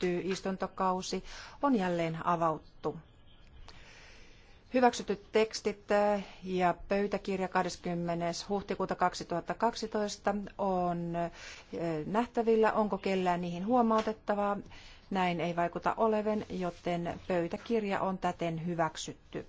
päättyy istuntokausi, on jälleen avauttu. Hyväksytyt tekstit ja pöytäkirja 20. huhtikuuta 2012 on eh, nähtävillä. Onko kellään niihin huomautettavaa? Näin ei vaikuta oleven, joten pöytäkirja on täten hyväksytty.